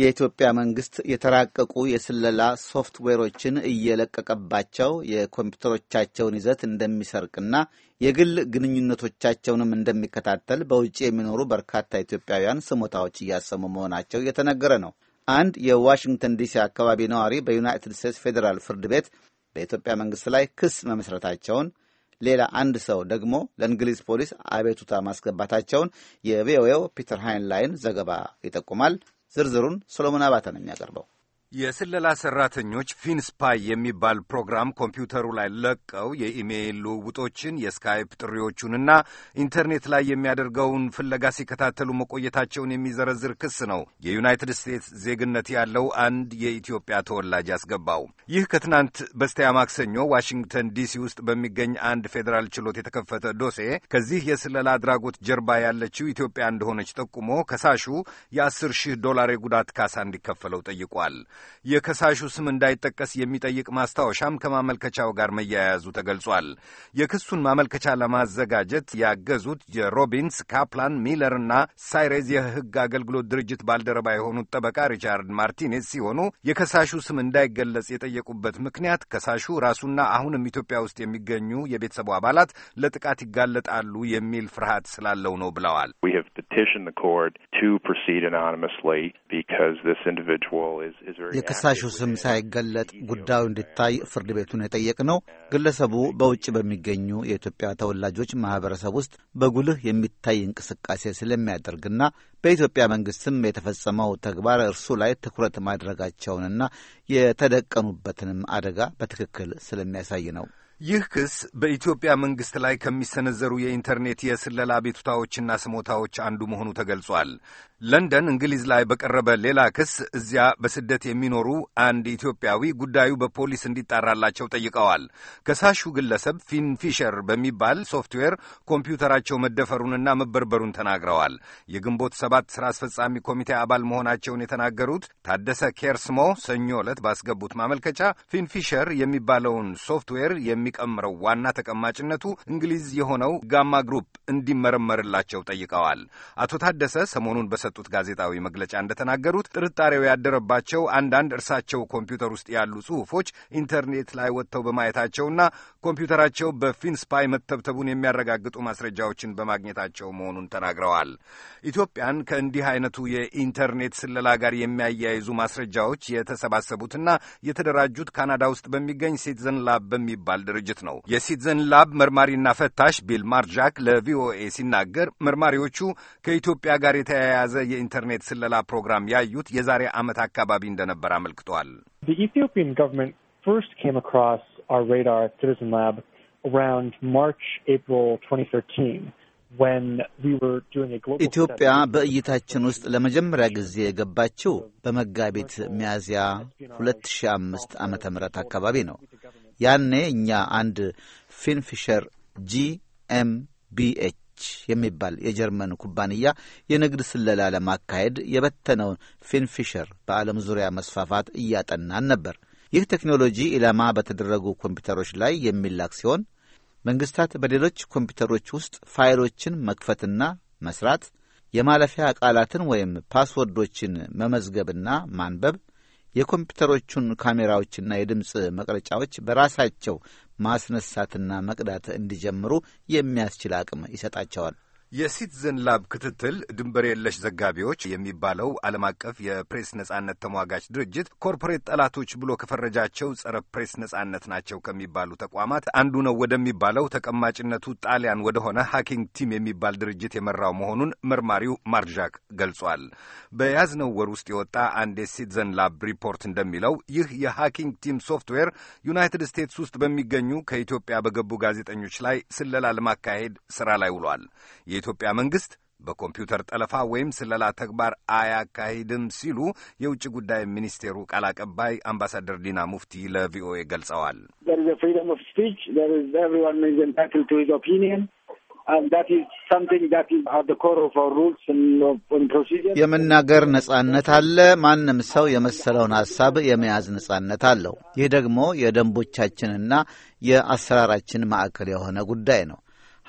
የኢትዮጵያ መንግስት የተራቀቁ የስለላ ሶፍትዌሮችን እየለቀቀባቸው የኮምፒውተሮቻቸውን ይዘት እንደሚሰርቅና የግል ግንኙነቶቻቸውንም እንደሚከታተል በውጭ የሚኖሩ በርካታ ኢትዮጵያውያን ስሞታዎች እያሰሙ መሆናቸው እየተነገረ ነው። አንድ የዋሽንግተን ዲሲ አካባቢ ነዋሪ በዩናይትድ ስቴትስ ፌዴራል ፍርድ ቤት በኢትዮጵያ መንግስት ላይ ክስ መመስረታቸውን ሌላ አንድ ሰው ደግሞ ለእንግሊዝ ፖሊስ አቤቱታ ማስገባታቸውን የቪኦኤው ፒተር ሃይንላይን ዘገባ ይጠቁማል። ዝርዝሩን ሶሎሞን አባተ ነው የሚያቀርበው። የስለላ ሰራተኞች ፊንስፓይ የሚባል ፕሮግራም ኮምፒውተሩ ላይ ለቀው የኢሜይል ልውውጦችን የስካይፕ ጥሪዎቹንና ኢንተርኔት ላይ የሚያደርገውን ፍለጋ ሲከታተሉ መቆየታቸውን የሚዘረዝር ክስ ነው የዩናይትድ ስቴትስ ዜግነት ያለው አንድ የኢትዮጵያ ተወላጅ ያስገባው። ይህ ከትናንት በስቲያ ማክሰኞ ዋሽንግተን ዲሲ ውስጥ በሚገኝ አንድ ፌዴራል ችሎት የተከፈተ ዶሴ ከዚህ የስለላ አድራጎት ጀርባ ያለችው ኢትዮጵያ እንደሆነች ጠቁሞ ከሳሹ የአስር ሺህ ዶላር የጉዳት ካሳ እንዲከፈለው ጠይቋል። የከሳሹ ስም እንዳይጠቀስ የሚጠይቅ ማስታወሻም ከማመልከቻው ጋር መያያዙ ተገልጿል። የክሱን ማመልከቻ ለማዘጋጀት ያገዙት የሮቢንስ ካፕላን፣ ሚለርና ሳይሬዝ የህግ አገልግሎት ድርጅት ባልደረባ የሆኑት ጠበቃ ሪቻርድ ማርቲኔዝ ሲሆኑ የከሳሹ ስም እንዳይገለጽ የጠየቁበት ምክንያት ከሳሹ ራሱና አሁንም ኢትዮጵያ ውስጥ የሚገኙ የቤተሰቡ አባላት ለጥቃት ይጋለጣሉ የሚል ፍርሃት ስላለው ነው ብለዋል። petition the court to proceed anonymously because this individual is is very የከሳሹ ስም ሳይገለጥ e ጉዳዩ እንዲታይ ፍርድ ቤቱን የጠየቅነው ግለሰቡ በውጭ በሚገኙ የኢትዮጵያ ተወላጆች ማህበረሰብ ውስጥ በጉልህ የሚታይ እንቅስቃሴ ስለሚያደርግና በኢትዮጵያ መንግስትም የተፈጸመው ተግባር እርሱ ላይ ትኩረት ማድረጋቸውንና የተደቀኑበትንም አደጋ በትክክል ስለሚያሳይ ነው። ይህ ክስ በኢትዮጵያ መንግስት ላይ ከሚሰነዘሩ የኢንተርኔት የስለላ ቤቱታዎችና ስሞታዎች አንዱ መሆኑ ተገልጿል። ለንደን እንግሊዝ ላይ በቀረበ ሌላ ክስ እዚያ በስደት የሚኖሩ አንድ ኢትዮጵያዊ ጉዳዩ በፖሊስ እንዲጣራላቸው ጠይቀዋል። ከሳሹ ግለሰብ ፊን ፊሸር በሚባል ሶፍትዌር ኮምፒውተራቸው መደፈሩንና መበርበሩን ተናግረዋል። የግንቦት ሰባት ስራ አስፈጻሚ ኮሚቴ አባል መሆናቸውን የተናገሩት ታደሰ ኬርስሞ ሰኞ ዕለት ባስገቡት ማመልከቻ ፊን ፊሸር የሚባለውን ሶፍትዌር የሚ የሚቀምረው ዋና ተቀማጭነቱ እንግሊዝ የሆነው ጋማ ግሩፕ እንዲመረመርላቸው ጠይቀዋል። አቶ ታደሰ ሰሞኑን በሰጡት ጋዜጣዊ መግለጫ እንደተናገሩት ጥርጣሬው ያደረባቸው አንዳንድ እርሳቸው ኮምፒውተር ውስጥ ያሉ ጽሑፎች ኢንተርኔት ላይ ወጥተው በማየታቸውና ኮምፒውተራቸው በፊንስፓይ መተብተቡን የሚያረጋግጡ ማስረጃዎችን በማግኘታቸው መሆኑን ተናግረዋል። ኢትዮጵያን ከእንዲህ አይነቱ የኢንተርኔት ስለላ ጋር የሚያያይዙ ማስረጃዎች የተሰባሰቡትና የተደራጁት ካናዳ ውስጥ በሚገኝ ሲቲዘን ላብ በሚባል ድርጅት ድርጅት ነው። የሲትዘን ላብ መርማሪና ፈታሽ ቢል ማርጃክ ለቪኦኤ ሲናገር መርማሪዎቹ ከኢትዮጵያ ጋር የተያያዘ የኢንተርኔት ስለላ ፕሮግራም ያዩት የዛሬ ዓመት አካባቢ እንደነበር አመልክቷል። ኢትዮጵያ በእይታችን ውስጥ ለመጀመሪያ ጊዜ የገባችው በመጋቢት ሚያዝያ 2005 ዓ ም አካባቢ ነው። ያኔ እኛ አንድ ፊንፊሸር ጂኤምቢኤች የሚባል የጀርመን ኩባንያ የንግድ ስለላ ለማካሄድ የበተነውን ፊንፊሸር በዓለም ዙሪያ መስፋፋት እያጠናን ነበር። ይህ ቴክኖሎጂ ኢላማ በተደረጉ ኮምፒውተሮች ላይ የሚላክ ሲሆን መንግስታት በሌሎች ኮምፒውተሮች ውስጥ ፋይሎችን መክፈትና መስራት፣ የማለፊያ ቃላትን ወይም ፓስወርዶችን መመዝገብና ማንበብ የኮምፒውተሮቹን ካሜራዎችና የድምፅ መቅረጫዎች በራሳቸው ማስነሳትና መቅዳት እንዲጀምሩ የሚያስችል አቅም ይሰጣቸዋል። የሲቲዘን ላብ ክትትል ድንበር የለሽ ዘጋቢዎች የሚባለው ዓለም አቀፍ የፕሬስ ነጻነት ተሟጋች ድርጅት ኮርፖሬት ጠላቶች ብሎ ከፈረጃቸው ጸረ ፕሬስ ነጻነት ናቸው ከሚባሉ ተቋማት አንዱ ነው ወደሚባለው ተቀማጭነቱ ጣሊያን ወደሆነ ሃኪንግ ቲም የሚባል ድርጅት የመራው መሆኑን መርማሪው ማርዣክ ገልጿል። በያዝነው ወር ውስጥ የወጣ አንድ የሲቲዘን ላብ ሪፖርት እንደሚለው ይህ የሃኪንግ ቲም ሶፍትዌር ዩናይትድ ስቴትስ ውስጥ በሚገኙ ከኢትዮጵያ በገቡ ጋዜጠኞች ላይ ስለላ ለማካሄድ ስራ ላይ ውሏል። የኢትዮጵያ መንግሥት በኮምፒውተር ጠለፋ ወይም ስለላ ተግባር አያካሂድም ሲሉ የውጭ ጉዳይ ሚኒስቴሩ ቃል አቀባይ አምባሳደር ዲና ሙፍቲ ለቪኦኤ ገልጸዋል። uh, የመናገር ነጻነት አለ። ማንም ሰው የመሰለውን ሀሳብ የመያዝ ነጻነት አለው። ይህ ደግሞ የደንቦቻችንና የአሰራራችን ማዕከል የሆነ ጉዳይ ነው።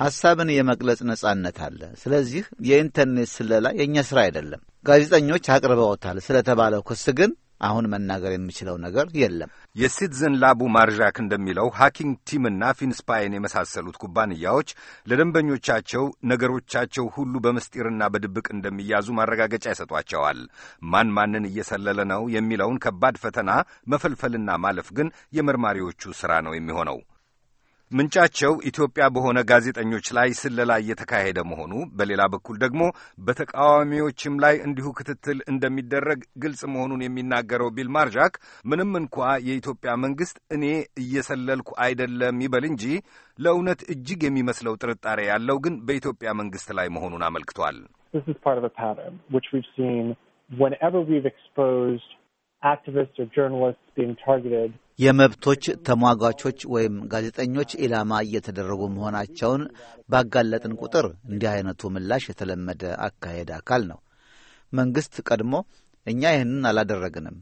ሐሳብን የመግለጽ ነጻነት አለ። ስለዚህ የኢንተርኔት ስለላ የእኛ ስራ አይደለም። ጋዜጠኞች አቅርበውታል ስለተባለው ክስ ግን አሁን መናገር የሚችለው ነገር የለም። የሲቲዝን ላቡ ማርዣክ እንደሚለው ሃኪንግ ቲምና ፊንስፓይን የመሳሰሉት ኩባንያዎች ለደንበኞቻቸው ነገሮቻቸው ሁሉ በምስጢርና በድብቅ እንደሚያዙ ማረጋገጫ ይሰጧቸዋል። ማን ማንን እየሰለለ ነው የሚለውን ከባድ ፈተና መፈልፈልና ማለፍ ግን የመርማሪዎቹ ሥራ ነው የሚሆነው። ምንጫቸው ኢትዮጵያ በሆነ ጋዜጠኞች ላይ ስለላ እየተካሄደ መሆኑ፣ በሌላ በኩል ደግሞ በተቃዋሚዎችም ላይ እንዲሁ ክትትል እንደሚደረግ ግልጽ መሆኑን የሚናገረው ቢል ማርዣክ ምንም እንኳ የኢትዮጵያ መንግስት እኔ እየሰለልኩ አይደለም ይበል እንጂ ለእውነት እጅግ የሚመስለው ጥርጣሬ ያለው ግን በኢትዮጵያ መንግስት ላይ መሆኑን አመልክቷል። whenever we've exposed activists or journalists being targeted, የመብቶች ተሟጋቾች ወይም ጋዜጠኞች ኢላማ እየተደረጉ መሆናቸውን ባጋለጥን ቁጥር እንዲህ አይነቱ ምላሽ የተለመደ አካሄድ አካል ነው። መንግስት ቀድሞ እኛ ይህንን አላደረግንም፣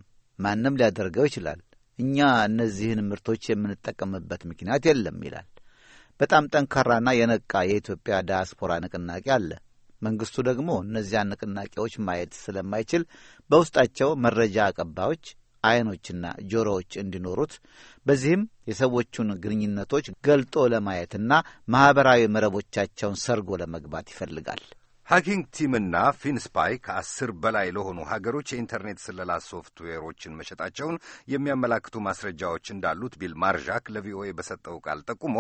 ማንም ሊያደርገው ይችላል፣ እኛ እነዚህን ምርቶች የምንጠቀምበት ምክንያት የለም ይላል። በጣም ጠንካራና የነቃ የኢትዮጵያ ዳያስፖራ ንቅናቄ አለ። መንግስቱ ደግሞ እነዚያን ንቅናቄዎች ማየት ስለማይችል በውስጣቸው መረጃ አቀባዮች አይኖችና ጆሮዎች እንዲኖሩት በዚህም የሰዎቹን ግንኙነቶች ገልጦ ለማየትና ማኅበራዊ መረቦቻቸውን ሰርጎ ለመግባት ይፈልጋል። ሃኪንግ ቲምና ፊንስፓይ ከአስር በላይ ለሆኑ ሀገሮች የኢንተርኔት ስለላ ሶፍትዌሮችን መሸጣቸውን የሚያመላክቱ ማስረጃዎች እንዳሉት ቢል ማርዣክ ለቪኦኤ በሰጠው ቃል ጠቁሞ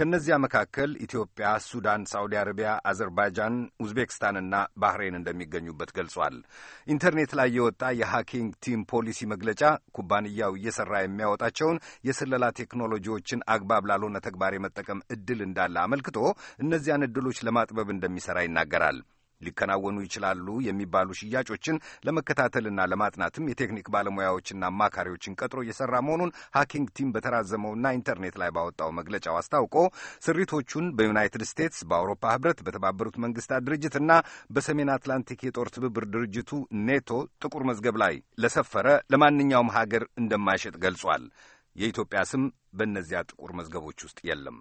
ከእነዚያ መካከል ኢትዮጵያ፣ ሱዳን፣ ሳዑዲ አረቢያ፣ አዘርባይጃን፣ ኡዝቤክስታንና ባህሬን እንደሚገኙበት ገልጿል። ኢንተርኔት ላይ የወጣ የሃኪንግ ቲም ፖሊሲ መግለጫ ኩባንያው እየሰራ የሚያወጣቸውን የስለላ ቴክኖሎጂዎችን አግባብ ላልሆነ ተግባር የመጠቀም እድል እንዳለ አመልክቶ እነዚያን እድሎች ለማጥበብ እንደሚሰራ ይናገራል። ሊከናወኑ ይችላሉ የሚባሉ ሽያጮችን ለመከታተልና ለማጥናትም የቴክኒክ ባለሙያዎችና አማካሪዎችን ቀጥሮ እየሰራ መሆኑን ሀኪንግ ቲም በተራዘመውና ኢንተርኔት ላይ ባወጣው መግለጫው አስታውቆ ስሪቶቹን በዩናይትድ ስቴትስ፣ በአውሮፓ ህብረት፣ በተባበሩት መንግስታት ድርጅት እና በሰሜን አትላንቲክ የጦር ትብብር ድርጅቱ ኔቶ ጥቁር መዝገብ ላይ ለሰፈረ ለማንኛውም ሀገር እንደማይሸጥ ገልጿል። የኢትዮጵያ ስም በእነዚያ ጥቁር መዝገቦች ውስጥ የለም።